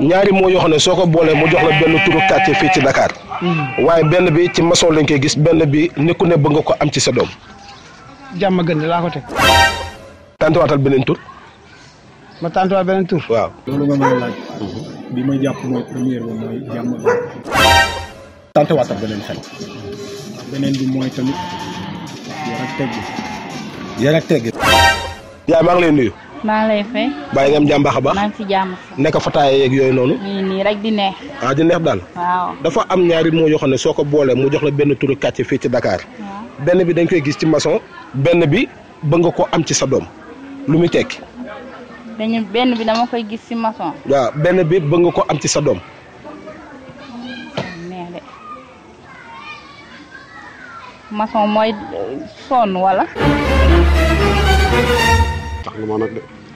ñaari moo yoo xam ne soo ko boolee mu jox la benn turu quartier fii ci Dakar. Mm. waaye benn bi ci masoo lañ koy gis benn bi nekku ku ne bëgg nga ko am ci sa doom. jàmm gën laa ko teg. tàntuwaatal beneen tur. ma tàntuwaat beneen tur. waaw. loolu mm-hmm. ma jàpp mooy première bi mooy jàmm gën. tàntuwaatal beneen bi mooy tamit yaa maa ngi lay nuyu. naa lay fay. bàyyi nga am jàmm baax a baax. maa ngi si jàmm nekk fataaya yeeg yooyu noonu. nii nii rek di neex. Ah, di neex daal. dafa am ñaari moo yoo ne soo ko boolee mu jox la benn turu kàcce fii ci Dakar. benn bi dañ koy gis ci maçon. benn bi ba nga am ci sa doom lu muy tekki. dañu benn dama koy gis ci maçon. waaw benn bi ba ko am ci sa doom. maçon mooy sonn wala. lu a nag de